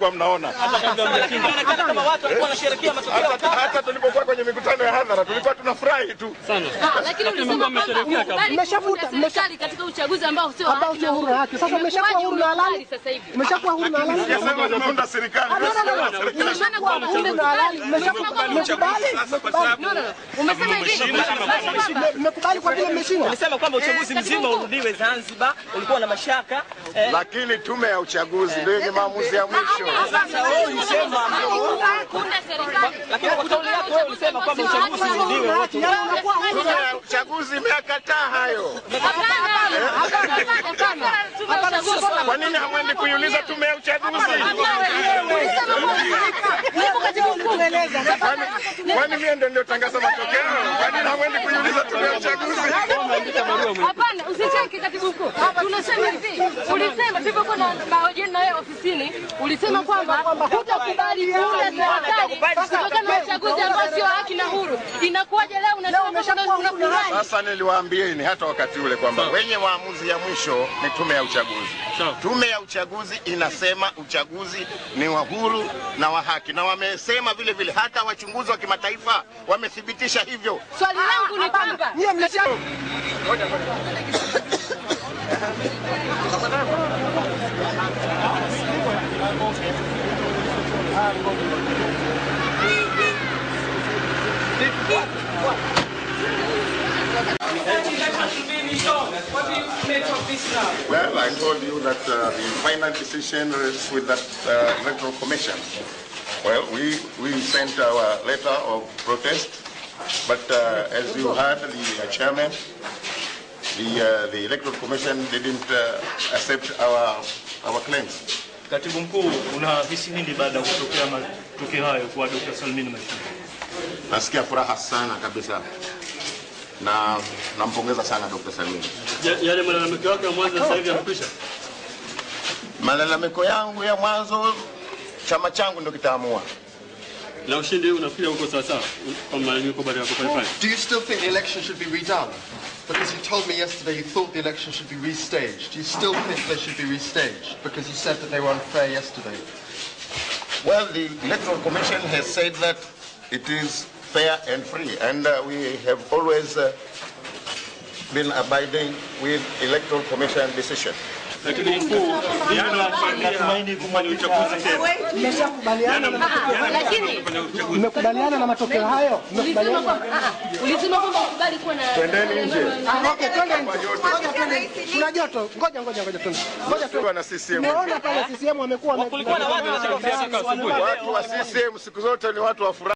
mlikuwa mnaona hata tulipokuwa kwenye mikutano ya hadhara, tulikuwa tunafurahi tu. Ah, lakini mmeshafuta katika uchaguzi ambao sio haki. Sasa mmeshakuwa huru na halali, mmeshakuwa huru na halali. serikali, mmeshakuwa huru na halali, mmekubali kwa vile mmeshinda. kwamba uchaguzi eh, mzima urudiwe Zanzibar, ulikuwa na mashaka, eh. lakini tume ya uchaguzi eh. ndio yenye maamuzi ya mwisho. Sasa wewe serikali wewe ulisema kwamba uchaguzi urudiwe. Uchaguzi imekataa hayo. Kwa nini hamwendi kuiuliza tume ya uchaguzi? Kwani mie ndo niliotangaza matokeo? Kwa nini hamwendi kuiuliza tume ya uchaguzi? Hapana, usicheke katibu mkuu. Tunasema hivi, ulisema tulipokuwa na mahojiano na wewe ofisini, ulisema kwamba hutakubali kuunda serikali huru. Inakuwaje leo unasema sasa? Niliwaambieni hata wakati ule kwamba wenye maamuzi ya mwisho ni tume ya uchaguzi. Tume ya uchaguzi inasema uchaguzi ni wa huru na wa haki, na wamesema vile vile, hata wachunguzi wa kimataifa wamethibitisha hivyo. Swali ah, langu ni kwamba What do you make of this now? Well, I told you that uh, the final decision rests with that uh, electoral commission. Well, we, we sent our letter of protest, but uh, as you heard, the uh, chairman, the, uh, the electoral commission didn't uh, accept our, our claims. Katibu mkuu, unahisi nini baada ya kutokea hayo kwa Dr. Salmin Nasikia furaha sana kabisa na nampongeza sana Dr. Yale malalamiko ya mwanzo sasa hivi yamekwisha? Malalamiko yangu ya mwanzo, chama changu ndio kitaamua. Na ushindi uko sawa sawa kwa malalamiko pale? Do you still think the election should be redone? Because you told me yesterday you thought the election should be restaged. Do you still think they should be restaged? Because you said that they were unfair yesterday. Well, the Electoral Commission has said that it is fair and free. And uh, we have always uh, been abiding with Electoral Commission decision. Lakini mkuu, jana kufanya uchaguzi tena. Mmekubaliana na matokeo hayo? Ah, ah, ulisema kwamba ukubali kuwa na twendeni nje. Ah, okay, twende nje. Kuna joto. Ngoja ngoja ngoja Ngoja na CCM. Naona pale CCM wamekuwa na watu wa CCM siku zote ni watu wa furaha.